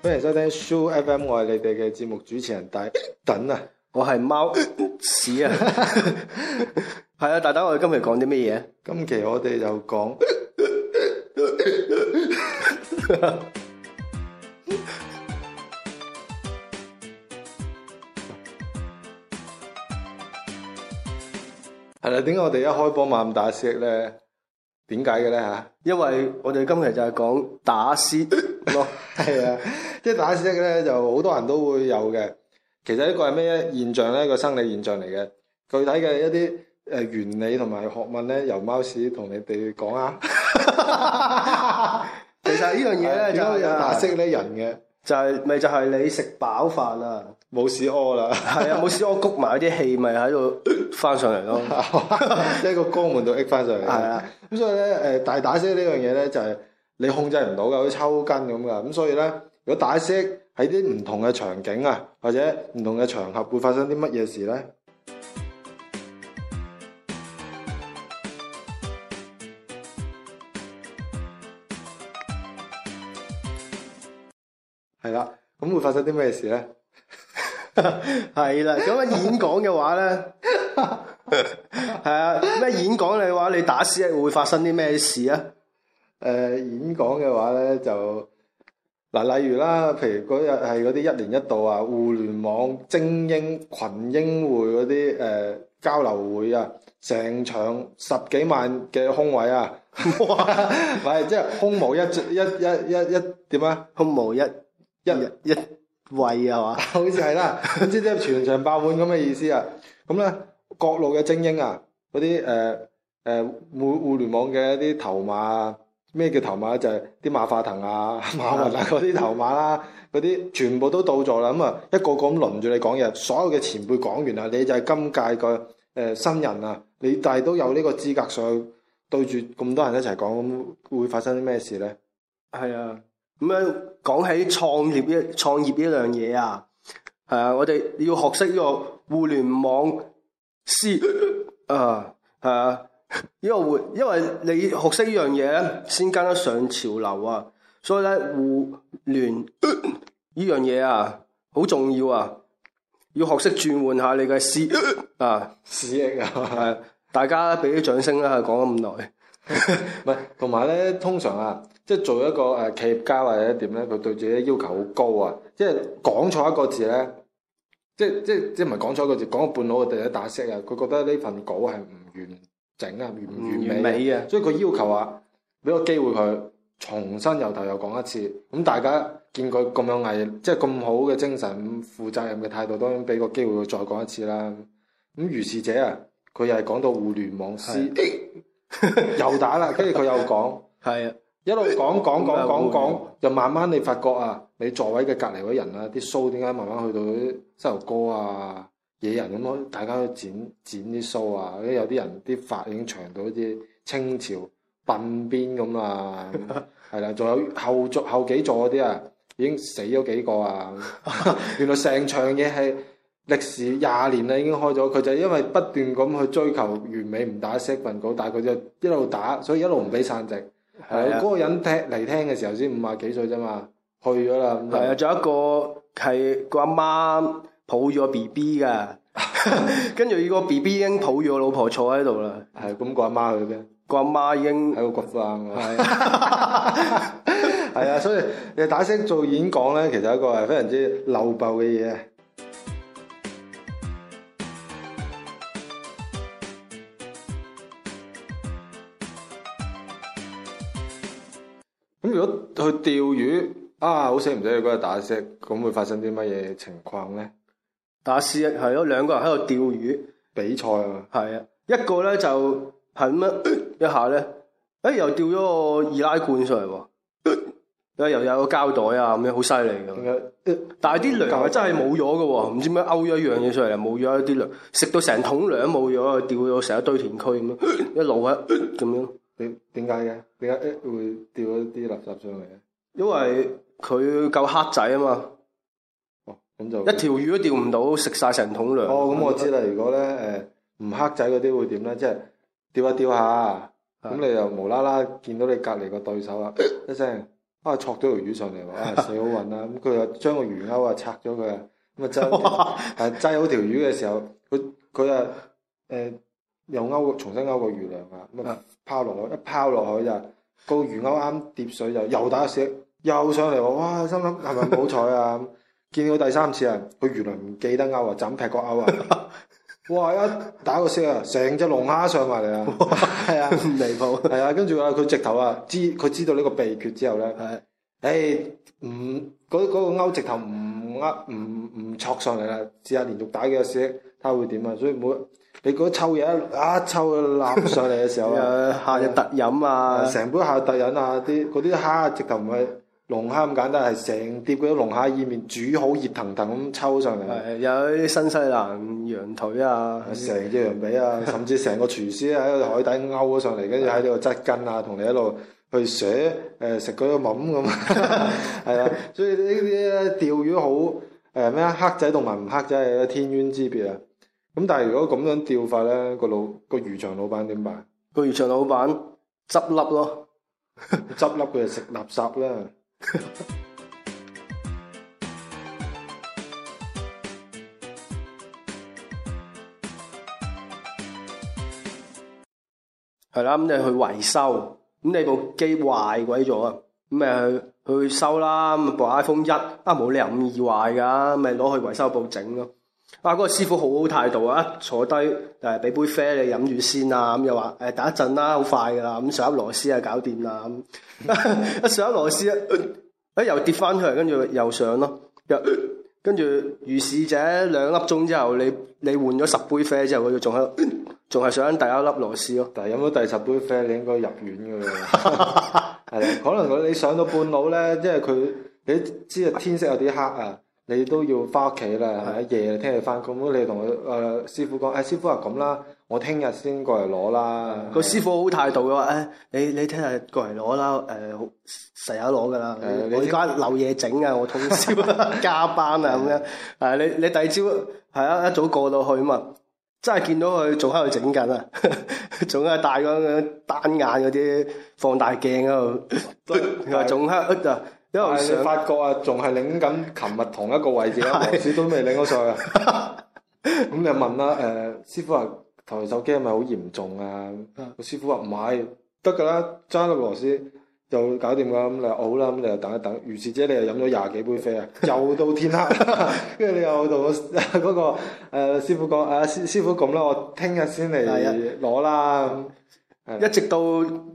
歡迎收聽 Soo FM，我係你哋嘅節目主持人大等啊，我係貓屎啊，係啊，大等我哋今日講啲乜嘢？今期我哋就講。點解我哋一開波猛咁打嗝咧？點解嘅咧吓？因為我哋今日就係講打嗝咯，係 啊，即、就、係、是、打嗝咧就好多人都會有嘅。其實呢個係咩現象咧？一個生理現象嚟嘅。具體嘅一啲誒原理同埋學問咧，由貓屎同你哋講啊。 其實呢樣嘢咧，有打嗝咧 人嘅。就係咪就係你食飽飯啊，啊，冇屎屙啦，係啊冇屎屙，谷埋啲氣咪喺度翻上嚟咯，即係個肛門度搣翻上嚟。係啊，咁所以咧誒大打嗝呢樣嘢咧就係你控制唔到噶，好似抽筋咁噶，咁所以咧如果打嗝喺啲唔同嘅場景啊，或者唔同嘅場合會發生啲乜嘢事咧？發生啲咩事咧？係啦，咁啊演講嘅話咧，係啊，咩演講嘅話，你打嗝啊會發生啲咩事啊？誒、呃、演講嘅話咧就嗱，例如啦，譬如嗰日係嗰啲一年一度啊，互聯網精英群英會嗰啲誒交流會啊，成場十幾萬嘅空位啊，唔即係空無一一一一一點啊，空、就係、無一。一一一一一一日一位啊，嘛，好似係啦，即係 全場爆滿咁嘅意思啊！咁、嗯、咧，各路嘅精英啊，嗰啲誒誒互互聯網嘅一啲頭馬，咩叫頭馬咧？就係、是、啲馬化騰啊、馬雲啊嗰啲頭馬啦、啊，嗰啲 全部都到咗啦。咁、嗯、啊，一個個咁輪住你講嘢，所有嘅前輩講完啦，你就係今屆嘅誒新人啊！你但係都有呢個資格上去對住咁多人一齊講，咁會發生啲咩事咧？係啊。咁樣講起創業呢、創業呢樣嘢啊，誒、啊，我哋要學識呢個互聯網思啊，係啊，因為互，因為你學識呢樣嘢咧，先跟得上潮流啊，所以咧互聯呢樣嘢啊，好、啊、重要啊，要學識轉換下你嘅思啊，思憶啊，係、啊， 大家俾啲掌聲啦，講咗咁耐，唔係，同埋咧，通常啊。即係做一個誒企業家或者點咧，佢對自己要求好高啊！即係講錯一個字咧，即係即係即係唔係講錯一個字，講個半句，我哋一打色啊！佢覺得呢份稿係唔完整啊、完唔完美啊，美所以佢要求話俾個機會佢重新由頭又講一次。咁大家見佢咁有毅力，即係咁好嘅精神、負責任嘅態度，當然俾個機會佢再講一次啦。咁如是者啊，佢又係講到互聯網時，又打啦，跟住佢又講，係啊。 一路講講講講講，就慢慢你發覺啊，你座位嘅隔離嗰人啊，啲鬚點解慢慢去到啲膝頭哥啊野人咁、啊、咯？大家去剪剪啲鬚啊，有啲人啲髮已經長到啲清朝鬢邊咁啊，係啦。 仲有後座後幾座嗰啲啊，已經死咗幾個啊。 原來成場嘢係歷時廿年啦，已經開咗。佢就因為不斷咁去追求完美，唔打 set 份稿，但係佢就一路打，所以一路唔俾散席。 嗰個人聽嚟聽嘅時候先五十幾歲啫嘛，去咗啦。係啊，仲有一個係個阿媽抱咗個 B B 噶，跟住呢個 B B 已經抱咗個老婆坐喺度啦。係咁，個阿媽去嘅。個阿媽已經喺個骨髒啊。係啊， 所以你打嗝做演講咧，其實係一個係非常之漏爆嘅嘢。如果去釣魚啊，好死唔死去嗰度打嗝，咁會發生啲乜嘢情況咧？打嗝係咯，兩個人喺度釣魚比賽啊，嘛，係啊，一個咧就係乜？一下咧，哎、欸、又釣咗個易拉罐上嚟喎，又又有個膠袋啊咁樣，好犀利咁啊！實但係啲糧啊真係冇咗嘅喎，唔、嗯、知咩勾咗一樣嘢上嚟，冇咗一啲糧，食到成桶糧冇咗，釣咗成一堆田區咁樣一路喺，咁樣。點點解嘅？點解會釣一啲垃圾上嚟嘅？因為佢夠黑仔啊嘛！哦，咁就一條魚都釣唔到，食晒成桶糧。哦，咁、嗯嗯、我知啦。如果咧，誒，唔黑仔嗰啲會點咧？即係釣一釣下，咁是你又無啦啦見到你隔籬個對手啊，一聲啊，捉咗條魚上嚟話啊，死、哎、好運啦！咁佢又將個魚鈎啊拆咗佢啊，咁啊就，係擠哇好條魚嘅時候，佢佢啊，誒。Ré, 嗯 又勾重新勾個魚糧啊！咁啊拋落去，一拋落去就，個魚鈎啱跌水就又打個石，又上嚟喎！哇，心諗係咪好彩啊？ 見到第三次 啊，佢原來唔記得勾啊，就劈個勾啊！哇，一打個石啊，成隻龍蝦上埋嚟啊！係啊，離譜！係啊，跟住啊，佢直頭啊知佢知道呢個秘訣之後咧，誒、 欸，唔嗰嗰個鈎直頭唔呃唔唔戳上嚟啦，試下連續打幾個石，睇下會點啊？所以每。你嗰抽嘢一啊抽立上嚟嘅時候啊，夏日特飲啊，成杯夏日特飲啊，啲嗰啲蝦直頭唔係龍蝦咁簡單，係成碟嗰啲龍蝦意麵煮好熱騰騰咁抽上嚟，有啲新西蘭羊腿啊，成隻羊髀啊，甚至成個廚師喺個海底勾咗上嚟，跟住喺度執筋啊，同你一路去寫誒食嗰個冧咁，係啊，所以呢啲釣魚好誒咩黑仔同埋唔黑仔，有天淵之別啊！咁但係如果咁樣釣法咧，個老個漁場老闆點辦？個漁場老闆執笠咯，執笠佢就食垃圾啦。係啦，咁你去維修，咁你部機壞鬼咗啊？咁咪去去修啦。咁部 iPhone 一啊冇理由咁易壞噶，咪攞去維修部整咯。哇！嗰、啊那個師傅好好態度啊，坐低誒俾杯啡你飲住先啊，咁、啊、又話誒、欸、等一陣啦，好快噶啦，咁、啊、上粒螺絲啊搞掂啦，咁上粒螺絲啊，啊、呃、啊、啊、啊、啊又跌翻出嚟，跟住又上咯，又跟住如是者兩粒鐘之後，你你換咗十杯啡之後，佢仲喺度，仲、啊、係、啊啊、上第一粒螺絲咯。但係飲咗第十杯啡，你應該入院噶啦，係可能佢你上到半路咧，即係佢你知啊，天色有啲黑啊。你都要翻屋企啦，係一夜，聽日翻工。你同阿師傅講，誒師傅話咁啦，我聽日先過嚟攞啦。個師傅好態度嘅話，誒你你聽日過嚟攞啦，誒成日攞噶啦。我依家留嘢整啊，我通宵加班啊咁、嗯、樣。係你你第二朝係一早過到去啊嘛，真係見到佢仲喺度整緊啊，仲喺度戴咁樣單眼嗰啲放大鏡嗰度，仲喺度。嗯因為你發覺啊，仲係擰緊琴日同一個位置，螺絲都未擰好上啊！咁你問啦，誒、呃、師傅話：台手機係咪好嚴重啊？個師傅話唔係，得噶啦，裝粒螺絲就搞掂噶啦。咁你話好啦，咁你又等一等。如是者你又飲咗廿幾杯啡啊，又到天黑，跟住你又同到嗰個誒師傅講：誒，師師傅咁啦，我聽日先嚟攞啦。一直到。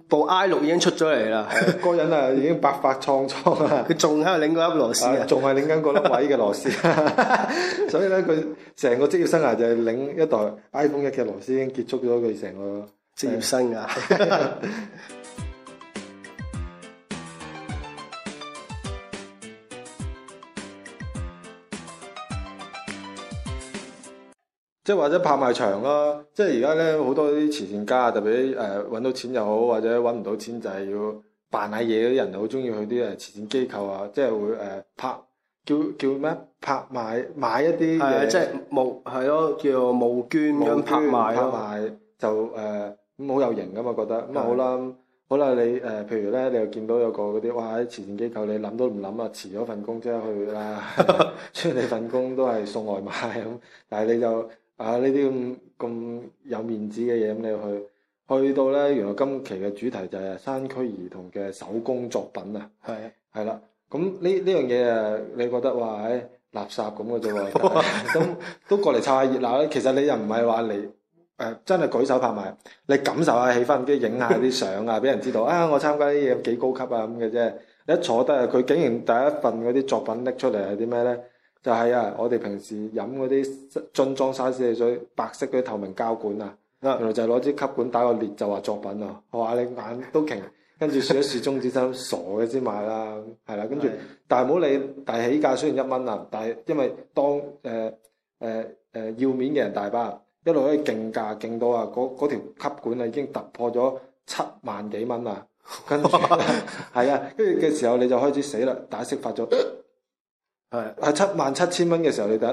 部 I 六已經出咗嚟啦，嗰 人啊已經白髮蒼蒼啊，佢仲喺度擰嗰粒螺絲啊，仲係擰緊嗰粒位嘅螺絲，啊， 所以咧佢成個職業生涯就係擰一代 iPhone 一嘅螺絲，已經結束咗佢成個職業生涯。 即係或者拍賣場啦，即係而家咧好多啲慈善家，特別誒搵、呃、到錢又好，或者搵唔到錢就係要扮下嘢嗰啲人，好中意去啲誒慈善機構啊，即係會誒、呃、拍叫叫咩拍賣買一啲嘢，即係募係咯，叫募捐咁拍賣，無鑇 拍賣，拍賣、啊、就誒咁好有型㗎嘛覺得咁啊好啦，好啦你誒、呃、譬如咧，你又見到有個嗰啲哇喺慈善機構，你諗都唔諗啊辭咗份工即刻去啦，雖然你份工都係送外賣咁，但係你就。啊！呢啲咁咁有面子嘅嘢咁，你去去到呢？原來今期嘅主題就係、是、山區兒童嘅手工作品啊！係係啦，咁呢呢樣嘢啊，你覺得哇，誒、欸、垃圾咁嘅啫喎，都 都過嚟湊下熱鬧咧。其實你又唔係話嚟誒，真係舉手拍賣，你感受下氣氛，跟住影下啲相啊，俾 人知道啊，我參加啲嘢幾高級啊咁嘅啫。你一坐低啊，佢竟然第一份嗰啲作品拎出嚟係啲咩呢？就係啊！我哋平時飲嗰啲樽裝沙士汽水，水，白色嗰啲透明膠管啊，原來就攞支吸管打個裂就話作品啊！我話你眼都瓊，跟住豎一豎中指，真傻嘅先買啦，係啦、啊，跟住，是的 但係唔好理。但係起價雖然一蚊啊，但係因為當誒誒誒要面嘅人大把一路可以競價競到啊，嗰條吸管啊已經突破咗七萬幾蚊啦。跟住係啊， 啊，跟住嘅時候你就開始死啦，打色發咗。係，係是七萬七千蚊嘅時候你得，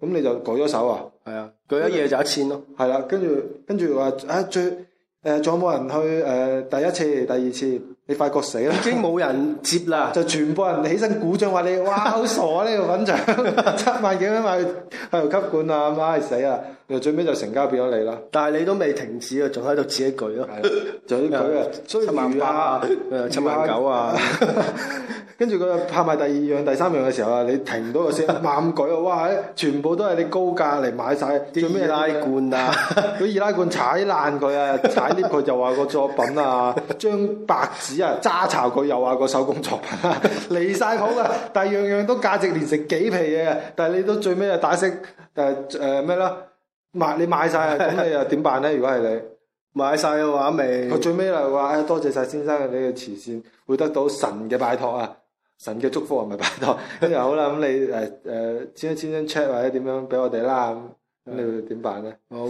咁 你就舉咗手啊？係啊，舉一夜就一千咯，係啦、 啊，跟住跟住話，啊最，誒、呃、仲有冇人去？誒、呃、第一次、第二次。你發覺死啦，已經冇人接啦， 就全部人起身鼓掌話你，哇好傻啊呢 個粉腸，七萬幾蚊買去吸管啊，媽死啊！又最尾就成交俾咗你啦，但係你都未停止啊，仲喺度自己舉咯，仲要 舉啊、嗯，七萬八啊，七萬八，七萬九啊，跟住佢拍埋第二樣、第三樣嘅時候啊，你停唔到個先，猛舉啊，哇！全部都係你高價嚟，買晒啲咩拉罐啊，啲易 拉罐踩爛佢啊，踩跌佢就話個作品啊，張白紙。只啊揸巢佢又話個手工作品離晒譜噶，但係樣樣都價值連城幾皮嘢啊！但係你都最尾啊打息誒誒咩啦買你買晒啊，咁你又點辦咧？如果係你買晒嘅話，咪最尾就話誒多謝晒先生嘅你嘅慈善，會得到神嘅拜託啊！神嘅祝福係咪拜託，跟住好啦咁你誒誒簽一千張 check 或者點樣俾我哋啦？咁你會點辦咧？我會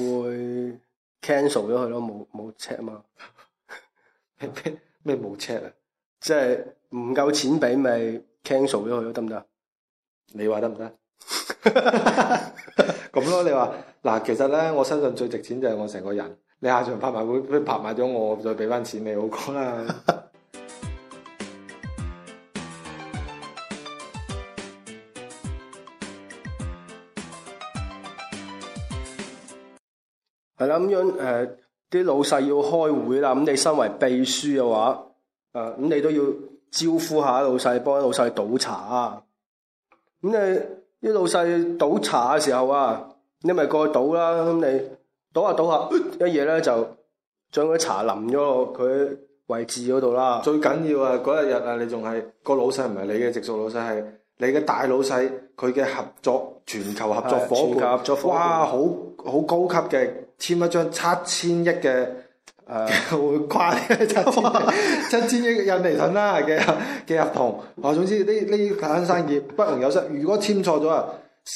cancel 咗佢咯，冇冇 check 嘛？咩冇 check 啊？即係唔夠錢俾，咪 cancel 咗佢咯，得唔得？你話得唔得？咁咯，你話嗱，其實咧，我身上最值錢就係我成個人。你下場拍賣會拍賣咗我，我再俾翻錢你，好講啦。係啦， 咁樣誒。呃啲老細要開會啦，咁你身為秘書嘅話，誒咁你都要招呼下老細，幫老細倒茶啊。咁誒啲老細倒茶嘅時候啊，你咪過去倒啦。咁你倒下倒下， 一嘢咧就將啲茶淋咗落佢位置嗰度啦。最緊要啊，嗰一日啊，你仲係個老細唔係你嘅直屬老細，係你嘅大老細，佢嘅合作全球合作伙伴，合作哇，好好，好高級嘅。簽一張七千億嘅誒，呃、 會掛嘅七千億，七千億印尼盾啦，嘅合同啊。總之呢呢間生意不容有失。如果簽錯咗啊，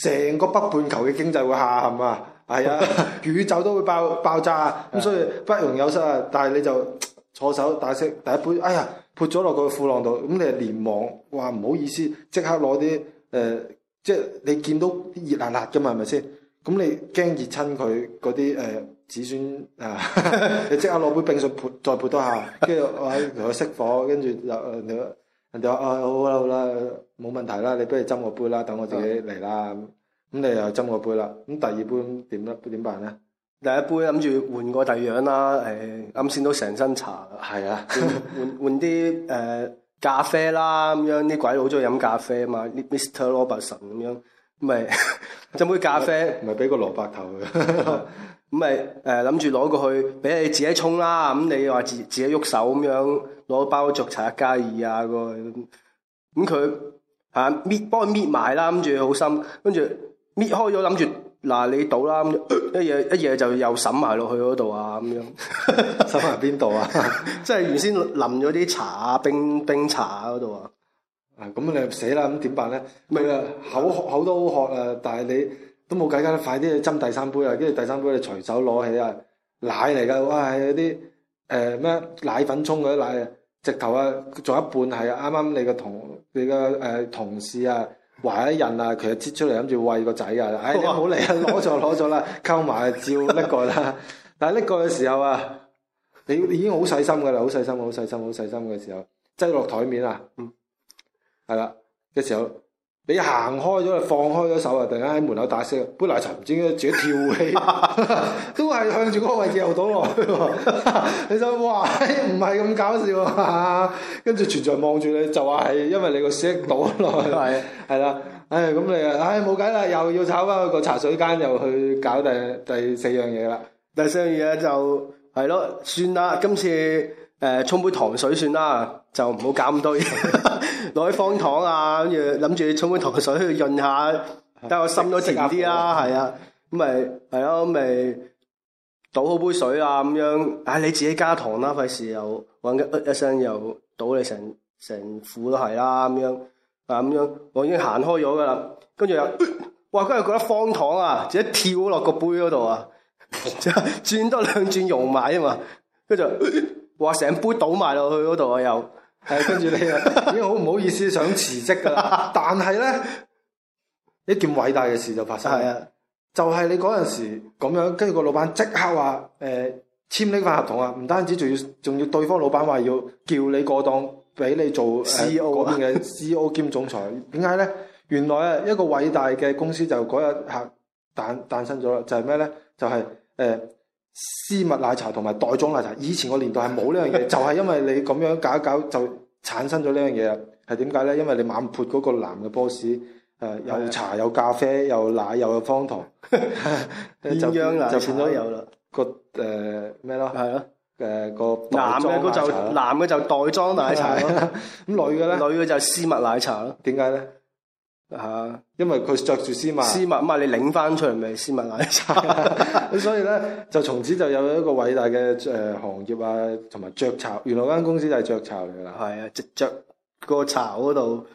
成個北半球嘅經濟會下陷啊，係、哎、啊， 宇宙都會爆爆炸。咁 所以不容有失啊。但係你就坐手，大聲第一杯，哎呀，潑咗落個褲浪度，咁你就連忙，哇唔好意思，即刻攞啲誒，即係你見到啲熱辣辣㗎嘛，係咪先？咁、嗯、你驚熱親佢嗰啲誒子孫啊？哈哈你即刻攞杯冰水潑，再潑多下，跟住我喺熄火，跟住人哋人哋話：哦、啊，好啦好啦，冇問題啦，你不如斟我杯啦，等我自己嚟啦。咁、嗯、你又斟我杯啦。咁第二杯點咧？點辦咧？第一杯諗住換個第二樣啦。誒，啱先都成身茶，係啊，換換啲誒咖啡啦。咁樣啲鬼佬好中意飲咖啡啊嘛。Mr. Robertson 咁樣。唔係斟杯咖啡，唔係俾個蘿蔔頭嘅。咁咪誒諗住攞過去俾你自己沖啦。咁你話自自己喐手咁樣攞包雀茶加二啊個。咁佢吓搣，幫佢搣埋啦。跟住好深，跟住搣開咗，諗住嗱你倒啦。咁一嘢一嘢就又沈埋落去嗰度啊，咁樣沈埋邊度啊？ 即係原先淋咗啲茶啊，冰冰茶啊嗰度啊。啊咁你死啦咁點辦咧？咪係啊，口渴口都好渴啊！但係你都冇計㗎快啲去斟第三杯啊！跟住第三杯你隨手攞起啊，奶嚟㗎哇！係啲誒咩奶粉沖嗰啲奶啊，直頭啊，仲有一半係啱啱你個同你個誒、呃、同事啊懷咗孕啊，佢又擠出嚟諗住餵個仔㗎。啊、哎，好嚟啊，攞咗攞咗啦，溝埋照呢個啦。但係呢個嘅時候啊，你，你已經好細心㗎啦，好細心，好細心，好細心嘅時候，擠落台面啊。 係啦，嘅時候你行開咗，放開咗手啊！突然間喺門口打聲杯奶茶，唔知自己跳起， 都係向住嗰個位置又倒落去。 你想哇，唔係咁搞笑，跟住、啊、全場望住你，就話係因為你個聲倒落去。係係啦，唉咁、哎、你啊，唉冇計啦，又要炒翻去個茶水間，又去搞第第四樣嘢啦。第四樣嘢就係咯，算啦，今次。誒、沖、呃、杯糖水算啦，就唔好搞咁多嘢，攞 啲方糖啊，諗住沖杯糖水去潤下，等我心都靜啲啦。係啊，咁咪係咯，咪、啊啊啊啊、倒好杯水啊，咁樣，唉、啊，你自己加糖啦，費事又搵嘅，玩一陣又倒你成成褲都係啦、啊，咁樣，啊，咁樣，我已經行開咗噶啦，跟住又、呃，哇，跟住覺得方糖啊，自己跳落個杯嗰度啊，就 轉多兩轉溶埋啊嘛，跟住。呃哇！成杯倒埋落去嗰度啊，又，係跟住你啊，已經好唔好意思，想辭職㗎啦。但係呢，一件偉大嘅事就發生， 就係你嗰陣時咁樣，跟住、呃、個老闆即刻話誒簽呢份合同啊！唔單止，仲要仲要對方老闆話要叫你過檔，俾你做、呃、CEO 嗰邊嘅 CEO 兼總裁。點解呢？原來啊，一個偉大嘅公司就嗰日誕生咗啦！就係、是、咩呢？就係、是、誒。呃絲襪奶茶同埋袋裝奶茶，以前個年代係冇呢樣嘢， 就係因為你咁樣搞搞就產生咗呢樣嘢啊！係點解咧？因為你猛潑嗰個男嘅 boss，誒、呃，有是、啊、茶有咖啡有奶又有方糖，鴛鴦奶茶就變咗有啦。個誒咩咯？係咯，誒個男嘅就男嘅就袋裝奶茶咯，咁女嘅咧？女嘅就絲襪奶茶咯、啊。點解咧？啊，因為佢着住絲襪，絲襪唔係你擰翻出嚟咪絲襪奶茶，咁、 啊、所以咧就從此就有一個偉大嘅誒、呃、行業啊，同埋雀巢，原來間公司就係雀巢嚟啦，係啊，着、啊那個巢嗰度，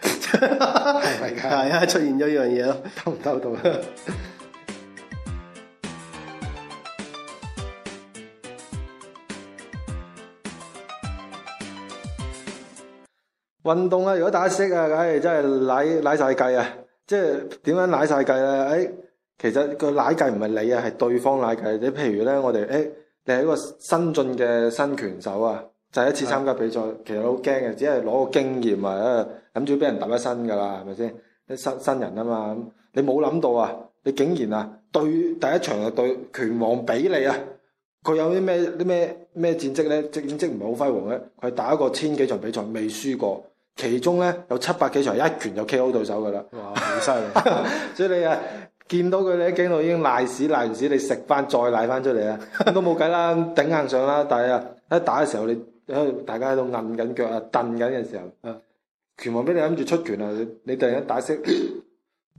係啊，出現咗一樣嘢，鬥唔鬥到？ 運動啊，如果打得識啊，唉、哎，真係舐舐晒計啊！即係點樣舐晒計咧？誒、哎，其實個舐計唔係你啊，係對方舐計、哎。你譬如咧，我哋誒，你係一個新進嘅新拳手啊，第、就係、一次參加比賽，的其實好驚嘅，只係攞個經驗啊，諗住俾人揼一身噶啦，係咪先？啲新新人啊嘛，你冇諗到啊，你竟然啊，對第一場就對拳王比你啊，佢有啲咩啲咩咩戰績咧？戰績唔係好輝煌咧，佢打過千幾場比賽未輸過。其中咧有七百幾場一拳就 KO 對手噶啦，哇，好犀利！ 所以你啊見到佢，你喺驚度已經瀨屎瀨完屎，你食翻再瀨翻出嚟啊，都冇計啦，頂硬上啦。但係啊喺打嘅時候你喺度，大家喺度硬緊腳啊，蹬緊嘅時候，啊、拳王俾你諗住出拳啊，你突然打色一打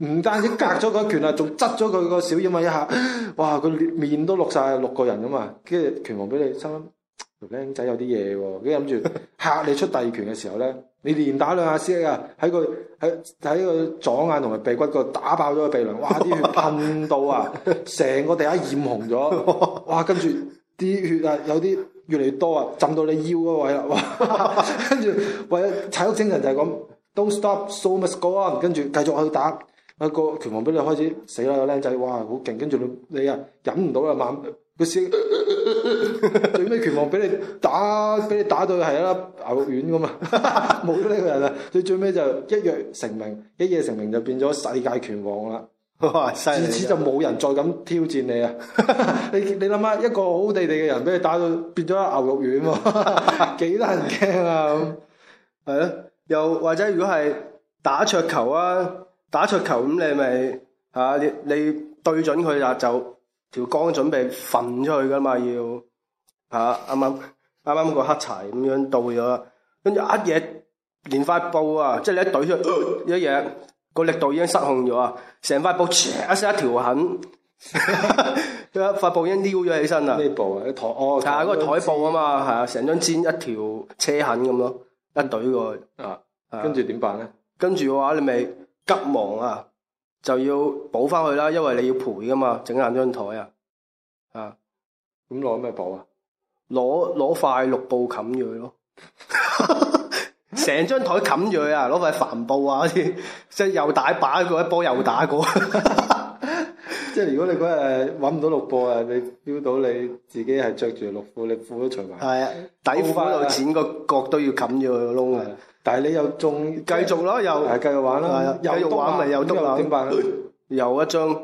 嗝，唔單止隔咗佢拳啊，仲執咗佢個小腰咪一下，哇，佢面都綠晒六個人噶嘛，跟住拳王俾你差。個僆仔有啲嘢喎，佢諗住吓你出第二拳嘅時候咧，你連打兩下先。啊，喺佢喺喺個左眼同埋鼻骨度打爆咗個鼻梁，哇啲血噴到啊，成個地下染紅咗，哇跟住啲血啊有啲越嚟越多啊，浸到你腰嗰位啦，哇，跟住為咗體育精神就係講，don't stop so much go on，跟住繼續去打一個拳王俾你開始，死啦個僆仔，哇好勁，跟住你你啊忍唔到啦，猛。 最尾拳王俾你打，俾你打到係一粒牛肉丸咁啊，冇咗呢個人啦。所以最尾就一躍成名，一夜成名就變咗世界拳王啦。哇！自此就冇人再敢挑戰你啊！ 你你諗下，一個好地地嘅人俾你打到變咗粒牛肉丸，幾難聽啊！咁係咯，又或者如果係打桌球啊，打桌球咁你咪吓，你你對準佢啦就。條光準備憤出去噶嘛？要嚇，啱啱啱啱個黑柴咁樣到咗，跟住一嘢連塊布啊！即係你一懟出， 一嘢個力度已經失控咗，啊，成塊布一聲一條痕， 一塊布已經撩咗起身啦！咩布啊，啲台哦，睇下嗰個台布啊嘛，係啊，成、啊、張氈一條車痕咁咯，一懟過去啊，跟住點辦咧？跟住嘅話，你咪急忙啊！就要補翻佢啦，因為你要賠㗎嘛，整爛張台啊，啊！咁攞咩補啊？攞攞塊綠布冚住佢咯，成張台冚住佢啊！攞塊帆布啊，即 係又打把佢一,一波又打過。 即係如果你嗰日揾唔到六波啊，你丟到你自己係着住六褲，你褲都除埋。係啊，底褲都有錢，個角都要冚住個窿啊！但係你又仲，繼續咯，又繼續玩啦，又玩咪又督啦，點辦？又一張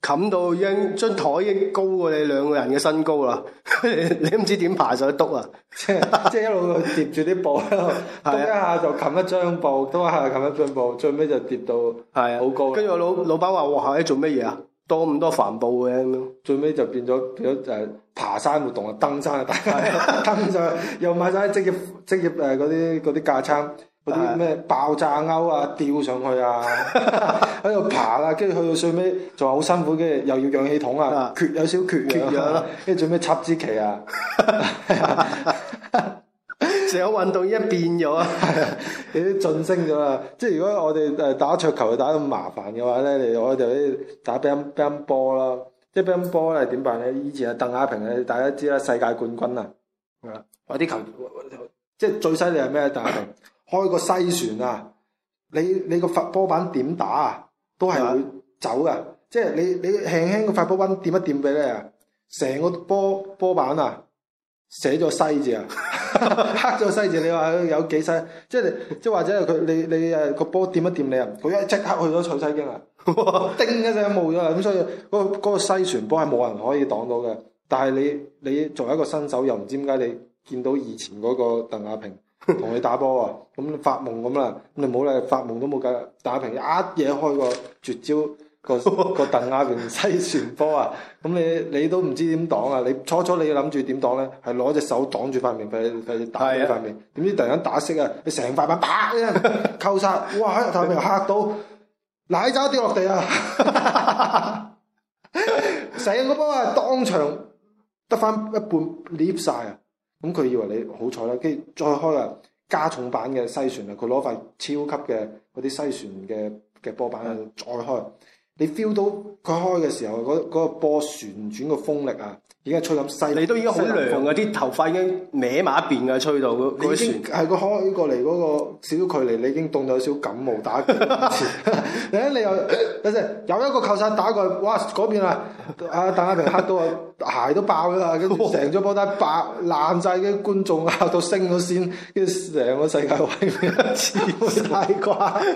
冚到已經張台已經高過你兩個人嘅身高啦，你唔知點爬上去督啊？即係即係一路疊住啲布喺度，督一下就冚一張布，督一下冚一張布，最尾就疊到係好高。跟住老老闆話：哇！喺做乜嘢啊？多咁多帆布嘅咁咯，最尾就變咗變咗誒爬山活動啊，登山啊，大家 登山又買晒職業職業誒嗰啲啲架撐，嗰啲咩爆炸鈎啊，吊上去啊，喺度 爬啊。跟住去到最尾仲好辛苦，跟住又要氧氣桶啊， 缺有少缺氧，跟住、啊、 最尾插支旗啊？ 成個運動而家變咗，你都晉升咗啦。即係如果我哋誒打桌球，又打到咁麻煩嘅話咧，你我哋啲打乒乓波啦，即係乒乓波咧點辦咧？以前啊，鄧亞萍咧，大家知啦，世界冠軍啊，啊，我啲球即係最犀利係咩啊？鄧亞 萍開個西旋啊，你你個發波板點打啊，都係會走嘅。的即係你你輕輕發碰碰你個塊波板掂一掂俾你啊，成個波波板啊寫咗西字啊！ 黑咗西字，你話有幾犀？即係即係，或者係佢你你誒個波掂一掂，你啊，佢一即刻去咗取西經啊， 叮一聲冇咗，咁所以嗰個個西旋波係冇人可以擋到嘅。但係你你作為一個新手，又唔知點解你見到以前嗰個鄧亞萍同你，你萍打波啊，咁發夢咁啦，咁你冇理由發夢都冇計啦。鄧亞萍一嘢開個絕招。個 個鄧亞萍西船波啊！咁你你都唔知點擋啊！你初初你諗住點擋咧？係攞隻手擋住塊面，俾俾佢打低塊面。點知突然間打色啊！你成塊板啪一扣殺，哇！塊面嚇到奶渣跌落地啊！成 個波啊，當場得返一半 lift 曬啊！咁佢以為你好彩啦，跟住再開啊加重版嘅西船啊！佢攞塊超級嘅嗰啲西船嘅嘅波板啊，嗯、再開。你 feel 到佢開嘅時候，嗰、嗰、嗰、個嗰個、波旋轉嘅風力啊！已經吹咁細，你都已經好涼啊！啲頭髮已經歪埋一邊噶，吹到，佢，已經係個開過嚟嗰個小距離，你已經凍到有少少感冒打。突然你又，嗰時 有一個扣殺打過去，哇！嗰邊啊，阿鄧亞平黑到啊，鞋都爆咗啦，成咗波底爆爛晒嘅觀眾啊，到升咗先。跟住成個世界一次，太 瓜病。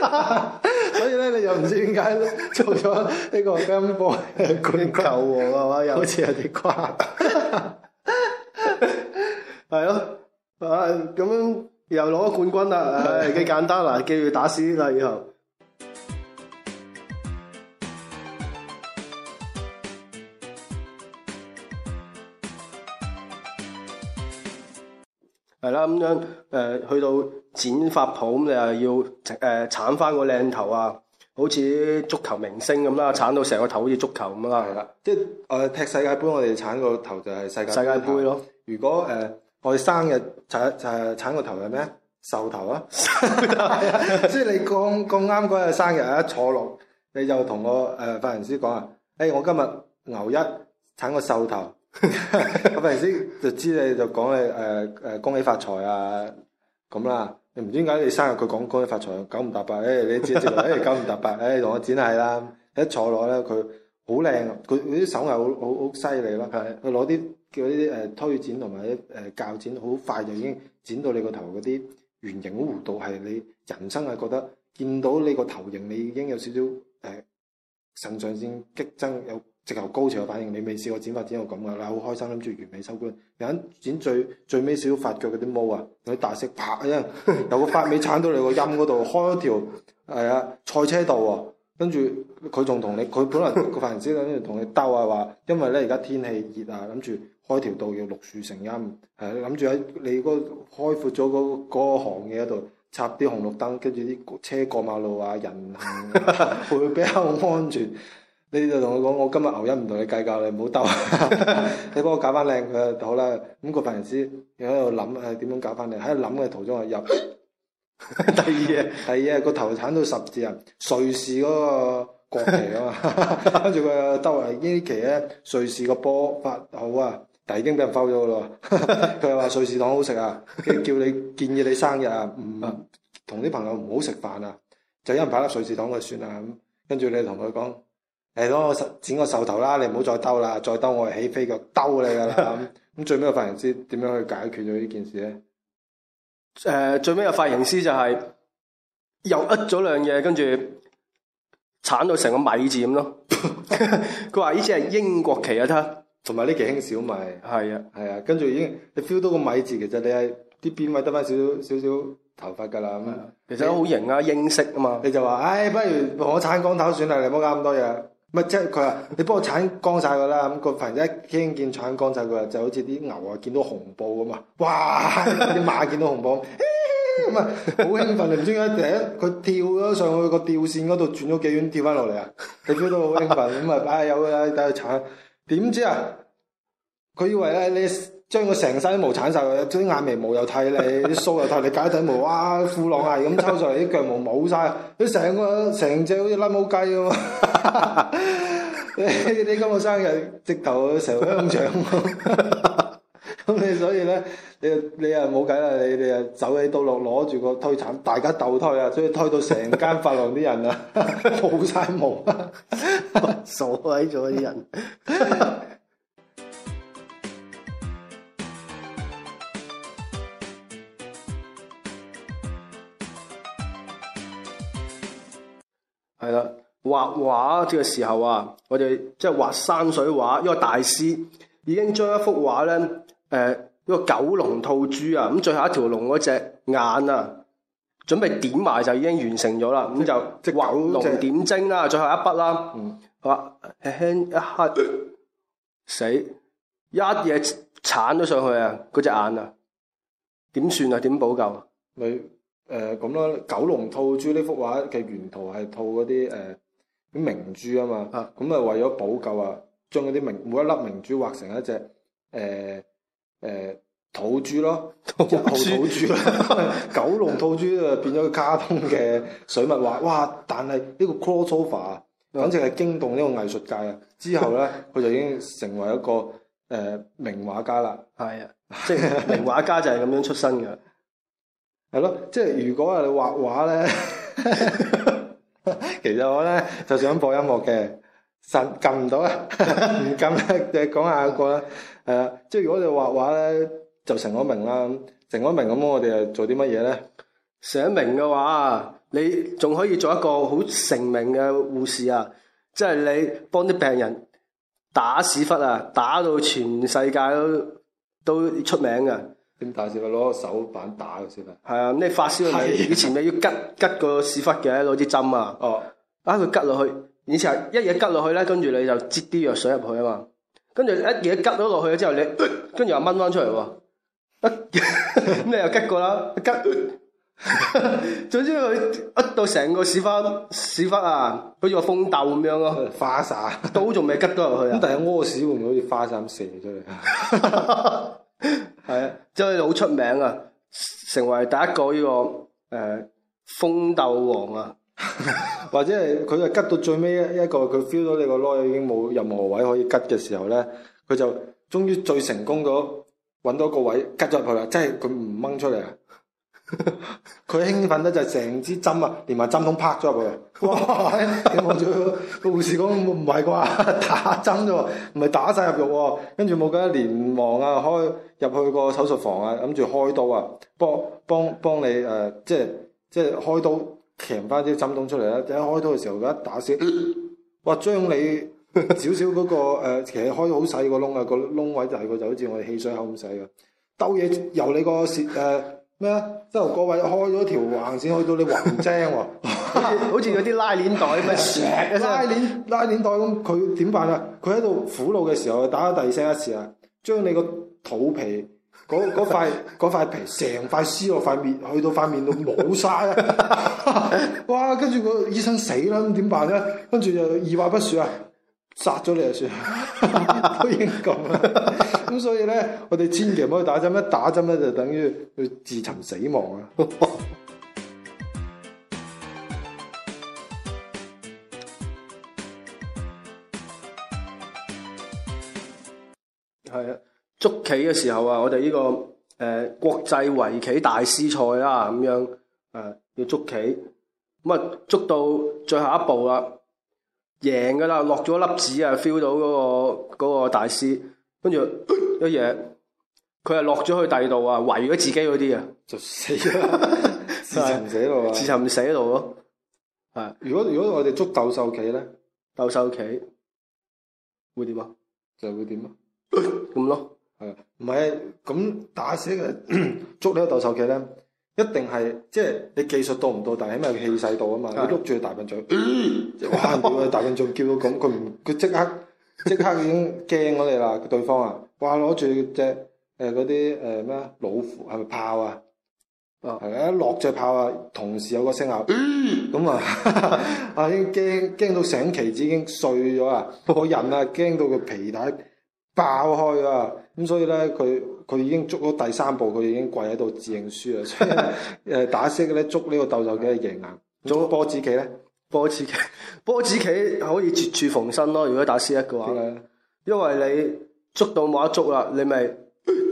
所以咧，你又唔知點解做咗呢個乒乓波冠軍球王啊？嘛， 又好似有啲。掛，係咯、 嗯，啊咁樣又攞冠軍啦，唉幾簡單啦，記住打師啦以後，係啦咁樣，誒、呃、去到剪髮鋪咁你又要誒鏟翻個靚頭啊。好似足球明星咁啦，鏟到成個頭好似足球咁啦，係啦。即係誒、呃、踢世界盃，我哋鏟個頭就係世界。世界盃咯。如果誒、呃、我哋生日鏟誒鏟個頭係咩？壽頭啊！即係你咁咁啱嗰日生日一坐落你就同個誒髮型師講啊，誒我今日牛一鏟個壽頭，髮型師就知你就講你誒誒恭喜發財啊咁啦。唔知點解你生日佢講講啲發財，九唔搭八，誒、欸、你剪剪，誒九唔搭八，誒同、欸、我剪係啦。一坐落咧，佢好靚，佢佢啲手藝好好好犀利啦。係佢攞啲嗰啲誒推剪同埋啲誒鉸剪，好快就已經剪到你個頭嗰啲圓形弧度，係你人生係覺得見到呢個頭型，你已經有少少誒腎上腺激增有，直頭高潮嘅反應，你未試過剪髮剪到咁嘅，嗱，好開心，諗住完美收官，又喺剪最最尾少少髮腳嗰啲毛啊，嗰啲大色啪啊，有個髮尾鏟到你個音嗰度開一條，係啊賽車道喎，跟住佢仲同你，佢本來個髮型師咧，跟同你兜啊話，因為咧而家天氣熱啊，諗住開條道要綠樹成蔭，係諗住喺你嗰開闊咗嗰嗰行嘅嗰度插啲紅綠燈，跟住啲車過馬路啊，人行、啊，會比較安全。 你就同佢講，我今日牛一唔同你計較，你唔好兜， 你幫我搞翻靚佢好啦。咁、個髮型師又喺度諗，誒、啊、點樣搞翻靚？喺度諗嘅途中入 第二嘢， 第二嘢個頭鏟到十字啊！瑞士嗰個國旗啊嘛， 跟住佢兜人呢期咧，瑞士個波發好啊，但已經俾人 foul 咗咯。佢又話瑞士糖好食啊，叫你建議你生日唔同啲朋友唔好食飯啊，就一人擺粒瑞士糖就算啦。咁跟住你同佢講。嚟咯！我剪個瘦頭啦，你唔好再兜啦，再兜我係起飛腳兜你噶啦！咁 最尾個髮型師點樣去解決咗呢件事咧？誒、呃，最尾個髮型師就係、是、又呃咗兩嘢，跟住鏟到成個米字咁咯。佢話呢次係英國旗啊，同埋呢期興小米。係啊的，係啊，跟住已經你 feel 到個米字，其實你係啲邊位得翻少少少少頭髮噶啦。咁、嗯、其實好型啊，你英式啊嘛。你就話，唉、哎，不如我鏟光頭算啦，你唔好搞咁多嘢。即係佢話：你幫我鏟乾晒佢啦！咁個凡仔一聽見鏟乾晒佢話，就好似啲牛啊見到紅布咁啊！哇！啲 馬見到紅布，咁係好興奮啊！唔知點解第一佢跳咗上去個吊線嗰度轉咗幾遠，跳翻落嚟啊！佢跳到好興奮，咁 啊，有啊，帶去鏟。點知啊？佢以為咧你。.將佢成身啲毛鏟晒佢，啲眼眉毛又剃，剃，剃毛毛、啊、 你，啲鬚又剃你，解一底毛，哇，褲浪係咁抽上嚟，啲腳毛冇晒，佢成個成隻好似甩毛雞咁。你你今日生日，直頭成個香腸。咁 你所以咧，你你啊冇計啦，你就你啊走起刀落，攞住個推鏟，大家鬥推啊，所以推到成間髮廊啲人啊，冇晒毛，傻鬼咗啲人。 係啦，畫畫嘅時候啊，我哋即係畫山水畫，一個大師已經將一幅畫咧，誒、呃，一個九龍吐珠啊，咁最後一條龍嗰隻眼啊，準備點埋就已經完成咗啦，咁即就即九龍是點睛啦，最後一筆啦，輕輕、嗯啊、一刻， 死，一嘢鏟咗上去啊，嗰隻眼啊，點算啊？點補救、啊？你？ 誒咁啦，九龍套珠呢幅畫嘅原圖係套嗰啲誒啲明珠啊嘛，咁啊為咗補救啊，將嗰啲明每一粒明珠畫成一隻誒誒、呃呃、土豬咯，一號土豬啦， 九龍套珠啊變咗個卡通嘅水墨畫，哇！但係呢個 crossover 簡直係驚動呢個藝術界啊！之後咧，佢就已經成為一個誒、呃、名畫家啦。係 啊，即係名畫家就係咁樣出身嘅。係咯，即係如果係你畫畫咧， 其實我咧就想播音樂嘅，實撳唔到啦，唔撳啦，就講下一個誒、呃，即係如果你畫畫咧就成咗名啦，成咗名咁，我哋又做啲乜嘢咧？想名嘅話，你仲可以做一個好成名嘅護士啊，即係你幫啲病人打屎忽啊，打到全世界都都出名嘅。點打屎忽？攞個手板打個屎忽。係啊，你發燒咪以前咪要吉吉個屎忽嘅，攞支針啊。哦，啊佢吉落去，以前一嘢吉落去咧，跟住你就擠啲藥水入去啊嘛。跟住一嘢吉咗落去之後你，你跟住又掹翻出嚟喎。咁你 又吉過啦，吉。 總之佢呃到成個屎忽屎忽啊， 燈 好似個風斗咁樣咯。花灑都仲未吉到入去啊？咁但係屙屎會唔會好似花灑咁射出嚟？ 真係好出名啊！成為第一個呢、這個誒、呃、風鬥王啊， 或者係佢就拮到最尾一一個，佢 feel 到你個籮柚已經冇任何位可以拮嘅時候咧，佢就終於最成功咗，揾到一個位拮咗入去啦！即係佢唔掹出嚟啊！佢 興奮咧就係成支針啊，連埋針筒拍咗入去。哇！你望住個護士講唔係啩？ 打針咋？唔係打晒入肉。跟住冇計，連忙啊開入去個手術房啊，諗住開刀啊，幫幫幫，幫你誒、呃，即係即係開刀鉗翻啲針筒出嚟啦。等一開刀嘅時候，佢一打先， 哇！將你少少嗰個誒、呃，其實開到好細個窿啊，個窿位就係佢就好似我哋汽水口咁細嘅，兜嘢由你個蝕誒。呃呃呃呃呃呃呃呃咩啊？即係各位開咗條橫線去到你橫精，好似好似有啲拉鏈袋咩？啊！石拉鏈拉鏈袋咁，佢點辦啊？佢喺度苦惱嘅時候，打咗第二聲一次啊，將你個肚皮嗰嗰塊塊皮成塊撕落塊面，去到塊面都冇晒。 哇！跟住個醫生死啦，咁點辦咧？跟住就二話不說啊，殺咗你就算，好陰功。 咁所以咧，我哋千祈唔可以打針，一打針咧就等於去自尋死亡啊！係啊，捉棋嘅時候啊，我哋呢、個誒、呃、國際圍棋大師賽啦，咁樣誒要捉棋，咁啊捉到最後一步啦，贏噶啦，落咗粒子啊，feel 到嗰、個嗰、個大師。跟住一嘢，佢係落咗去第二度啊，圍咗自己嗰啲啊，就 死啦！自尋死喺度，自尋死喺度咯。係如果如果我哋捉鬥獸棋咧，鬥獸棋會點啊？就會點啊？咁咯 吧，係啊，唔係咁打死嘅捉呢個鬥獸棋咧，一定係即係你技術到唔到，但係起碼氣勢到啊嘛。你喐住大笨象，哇！大笨象叫到咁，佢唔佢即刻。即 刻已經驚我哋啦，對方啊，哇，攞住隻誒嗰啲誒咩老虎係咪炮啊？係啊，一落隻炮啊，同時有個聲啊，咁啊，啊已經驚驚到醒，棋子已經碎咗啊，個人啊驚到個皮帶爆開啊，咁所以咧，佢佢已經捉咗第三步，佢已經跪喺度自認輸啊，所以誒 打色咧，捉呢個鬥就幾係贏硬，捉咗波子棋咧。波子棋，波子棋可以絕處逢生咯。如果打 C 一嘅話，哪因為你捉到冇得捉啦，你咪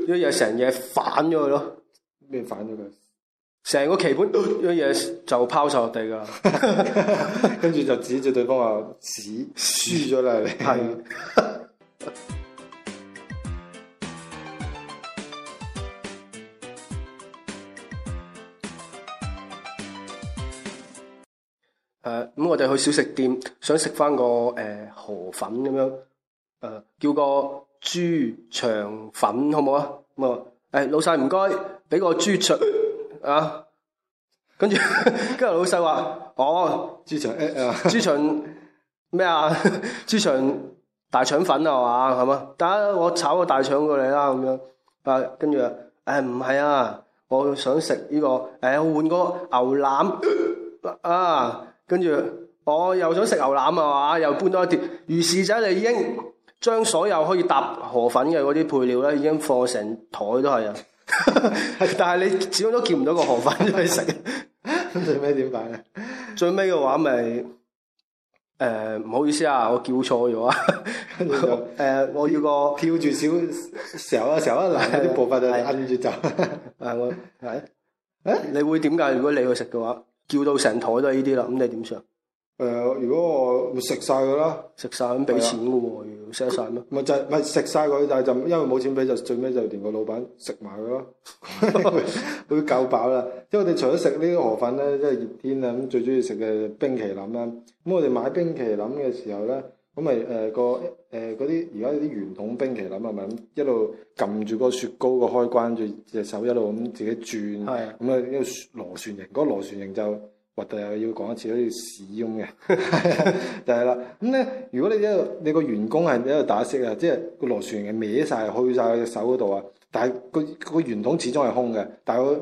一嘢成嘢反咗佢咯。咩反咗佢？成個棋盤都一嘢就拋晒落地噶，跟住就指住對方話指輸咗啦你。 誒咁、呃，我哋去小食店，想食翻個誒、呃、河粉咁樣，誒、呃、叫個豬腸粉好唔好啊？唔、嗯、係，誒、哎、老細唔該，俾個豬腸啊！跟住，跟住老細話：哦，豬腸誒啊，豬腸咩啊？豬腸大腸粉啊嘛，係嘛？得，我炒個大腸過嚟啦，咁樣。誒、啊，跟住誒唔係啊，我想食呢、這個誒換、哎、個牛腩啊！啊跟住，我又想食牛腩啊！嘛，又搬多一碟。如是者你已經將所有可以搭河粉嘅嗰啲配料咧，已經放成台都係啊。但係你始終都見唔到個河粉可以食。 úc ados homework 最尾點辦咧？最尾嘅話，咪誒唔好意思啊，我叫錯咗啊 又。誒 沒錯、呃，我要個跳住小成啊成啊嗱，啲部分就跟住走。係我係誒，iki 你會點解、啊、如果你去食嘅話？叫到成枱都係呢啲啦，咁你點算啊？誒、呃，如果我食晒佢啦，食晒咁俾錢嘅喎，要 set 曬咩？咪那就咪食晒佢，但係就因為冇錢俾，就最尾就連個老闆食埋佢咯，佢 夠飽啦。因為我哋除咗食呢個河粉咧，即係熱天啊，咁最中意食嘅冰淇淋啦。咁我哋買冰淇淋嘅時候咧。咁咪誒個誒嗰啲而家啲圓筒冰淇淋係咪咁，一路撳住個雪糕個開關，住隻手一路咁自己轉，咁啊一個螺旋形。嗰個螺旋形就核突，又要講一次，好似屎咁嘅，就係啦。咁咧，如果你一路你個員工係一路打嗝啊，即係個螺旋形歪晒去晒佢隻手嗰度啊。但係個個圓筒始終係空嘅，但係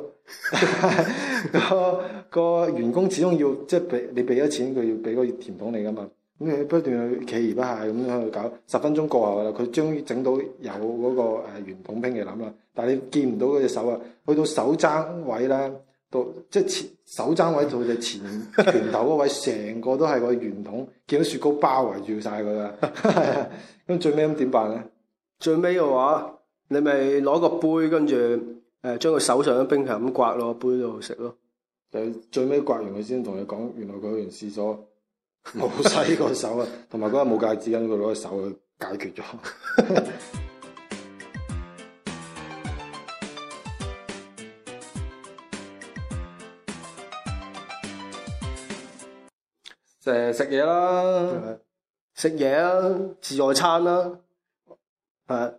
個個員工始終要，即係俾你俾咗錢，佢要俾個甜筒你㗎嘛。咁佢不斷去企而不下咁樣去搞，十分鐘過後啦，佢終於整到有嗰個誒圓筒冰淇淋啦。但係你見唔到嗰隻手啊，去到手踭位咧，到即係前手踭位到，就前拳頭嗰位，成 個都係個圓筒，見到雪糕包圍住晒佢啦。咁 最尾咁點辦咧？最尾嘅話，你咪攞個杯跟住誒，將佢手上嘅冰淇淋咁刮落杯度食咯。就最尾刮完佢先同你講，原來佢人試咗。冇 洗過手個手啊，同埋嗰日冇戒指，巾，佢攞個手去解決咗。成食嘢啦，食嘢啦，自助餐啦，係啊，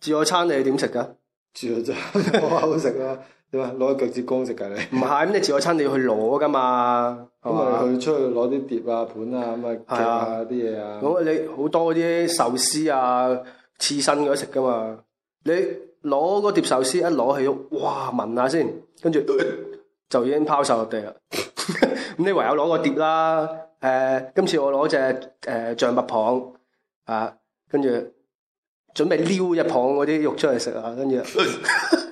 自助餐你點食噶？住就哇好食啦， 你話攞個腳趾公食㗎你？唔係咁，你自助餐你要去攞噶嘛，咁嘛、嗯？吧去出去攞啲碟啊、盤啊、咁啊、碟啲嘢啊。咁你好多嗰啲壽司啊、刺身嗰啲食噶嘛？你攞個碟壽司一攞起喐，哇聞下先，跟住就已經拋晒落地啦。咁 你唯有攞個碟啦。誒、呃，今次我攞隻誒象拔蚌。啊，跟住。準備撩一旁嗰啲肉出嚟食啊，跟住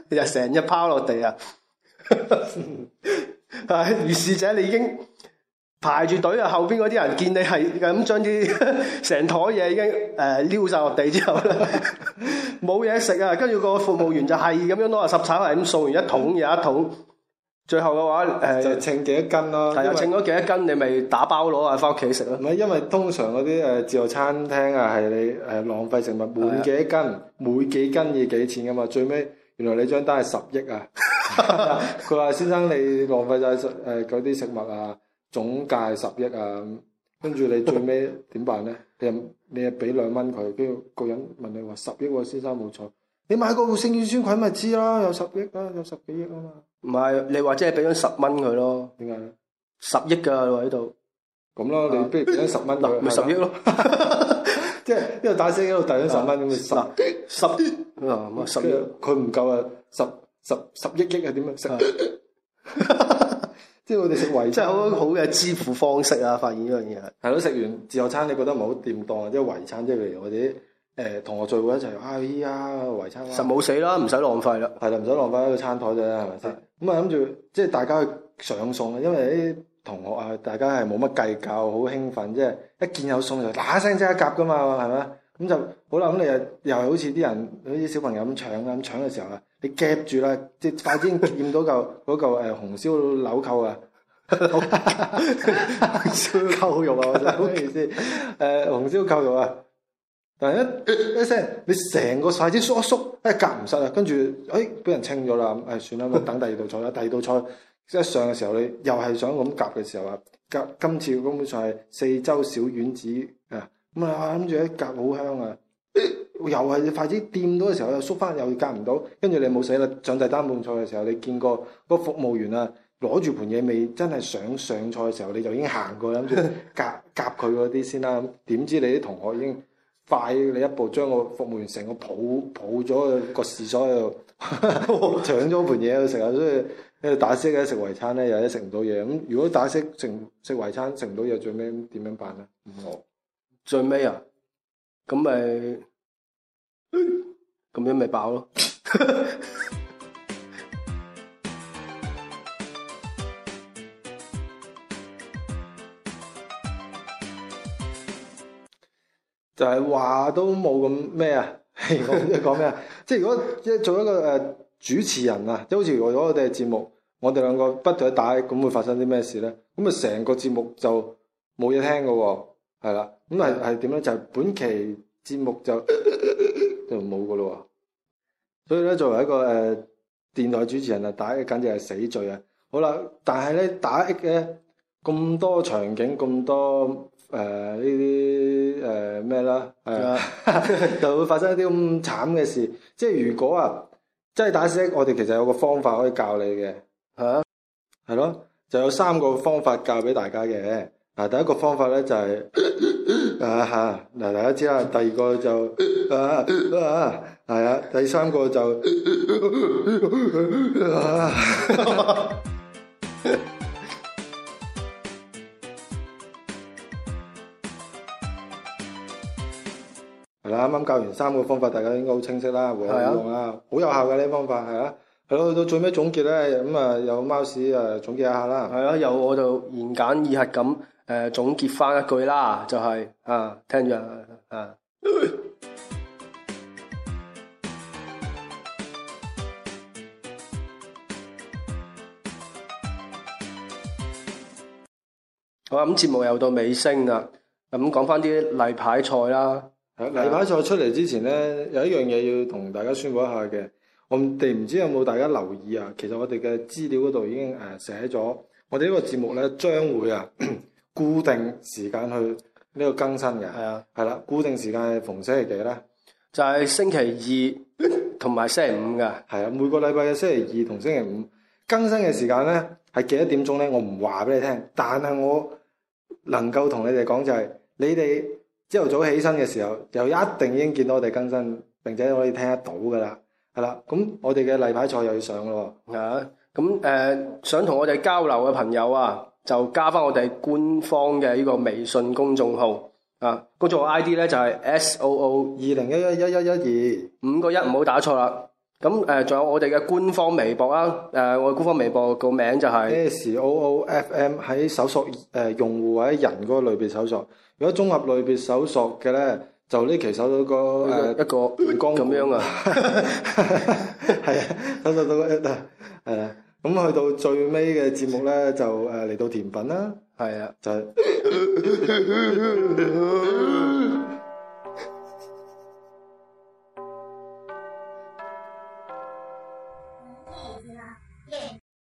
你就成日拋落地啊，係，如是者你已經排住隊啊，後邊嗰啲人見你係咁將啲成台嘢已經誒撩晒落地之後，冇嘢食啊，跟住個服務員就係咁樣攞十炒，係咁掃完一桶又一桶，一桶最後嘅話對就稱幾多斤咯？係啊，稱咗幾多斤， 你咪打包攞啊，翻屋企食咯。唔係，因為通常嗰啲誒自助餐廳啊，係你誒浪費食物，滿幾多斤，的每幾斤要幾錢噶嘛。最尾原來你張單係十億啊！佢話：先生，你浪費晒食嗰啲食物啊，總計十億啊。跟住你最尾點辦咧？你又你又俾兩蚊佢，跟住個人問你話十億喎，啊，先生，冇錯。你買個勝肽酸菌咪知啦，有十億啊，有十幾億啊嘛。唔係，你話即係俾咗十蚊佢咯？點解？十億你喎喺度，咁咯，你不如俾十蚊得咪十億咯？即係一路大聲一度，遞咗十蚊，咁咪十十啊十億，佢唔夠啊，十十十億億啊，點樣食啊？即係我哋食圍，即係好好嘅支付方式啊！發現呢樣嘢係。係咯，食完自助餐你覺得唔好掂當啊，即係圍餐，即係譬如我哋誒，同學聚會一齊啊！依家圍餐實冇死啦，唔使浪費啦，係啦，唔使浪費喺個餐台度啦，係咪先？咁啊諗住，即係大家去上送啊，因為啲同學啊，大家係冇乜計較，好興奮，即係一見有送就嗱一聲即刻夾噶嘛，係咪？咁就好啦，咁你又又係好似啲人，好似小朋友咁搶咁搶嘅時候啊，你夾住啦，即係快啲夾到嚿嗰嚿誒紅燒紐扣啊，紅燒扣肉啊，我唔好意思，誒紅燒扣肉啊。 一一聲，你成個筷子縮一縮，哎夾唔實啊！跟住，哎俾人清咗啦，咁、哎、唉算啦，咁等第二道菜啦。第二道菜即係上嘅時候，你又係想咁夾嘅時候啊，夾今次根本上係四周小丸子啊，咁啊諗住一夾好香啊，又係筷子掂到嘅時候又縮翻，又夾唔到，跟住你冇使啦。上第二半菜嘅時候，你見過個服務員啊，攞住盤嘢未？真係想上菜嘅時候，你就已經行過，諗住夾夾佢嗰啲先啦。咁點知你啲同學已經？快你一步將個服務員成個抱抱咗個廁所喺度， 搶咗盤嘢去食啊！所以喺度打色嘅食圍餐咧，又係食唔到嘢。咁如果打色食食圍餐食唔到嘢，最尾點樣辦咧？哦，最尾啊，咁咪咁樣咪飽咯。 就係話都冇咁咩啊？我唔知講咩，即係如果即係做一個誒主持人啊，即係好似我哋嘅節目，我哋兩個不斷打咁，會發生啲咩事咧？咁啊，成個節目就冇嘢聽噶喎，係啦，咁係係點咧？就係本期節目就就冇噶咯。所以咧，作為一個誒電台主持人啊，打嗝簡直係死罪啊！好啦，但係咧打嗝咁多場景，咁多。誒呢啲誒咩啦，係啊的， 就會發生一啲咁慘嘅事。即係如果啊，即係打嗝，我哋其實有個方法可以教你嘅。係啊，係咯，就有三個方法教俾大家嘅。嗱，第一個方法咧就係啊嚇，嗱 大家知啦。第二個就啊啊， 第三個就 啱啱教完三個方法，大家應該好清晰啦，活、啊、用啦，好、啊、有效嘅呢啲方法，係啊，係咯、啊，去到最尾總結咧，咁、嗯、啊有貓屎啊總結一下啦，係啊，有、嗯、我就言簡意賅咁誒總結翻一句啦，就係啊聽住啊，好啊，咁節、 嗯、目又到尾聲啦，咁講翻啲例牌菜啦。誒，例牌菜出嚟之前咧，有一樣嘢要同大家宣布一下嘅。我哋唔知有冇大家留意啊？其實我哋嘅資料嗰度已經誒寫咗，我哋呢個節目咧將會啊 固定時間去呢個更新嘅。係啊，係啦、啊，固定時間係逢星期幾咧？就係星期二同埋星期五噶。係啊，啊，每個禮拜嘅星期二同星期五更新嘅時間咧係幾多點鐘咧？我唔話俾你聽，但係我能夠同你哋講就係、是、你哋。朝頭早起身嘅時候，就一定已經見到我哋更新，並且可以聽得到噶啦，係啦。咁我哋嘅例牌菜又要上咯，係啊。咁、嗯、誒、呃，想同我哋交流嘅朋友啊，就加翻我哋官方嘅呢個微信公眾號啊，公、那個、ID 咧就係 S O O 二零一一一一一,一,一二五個一，唔好打錯啦。咁誒，仲有我哋嘅官方微博啦。誒，我哋官方微博個名就係 S O O F M，喺搜索誒用戶或者人嗰個類別搜索。如果綜合類別搜索嘅咧，就呢期搜到個誒一個光。咁樣啊，係啊，搜到到一，係啦。咁去到最尾嘅節目咧，就誒嚟到甜品啦。係啊，就係。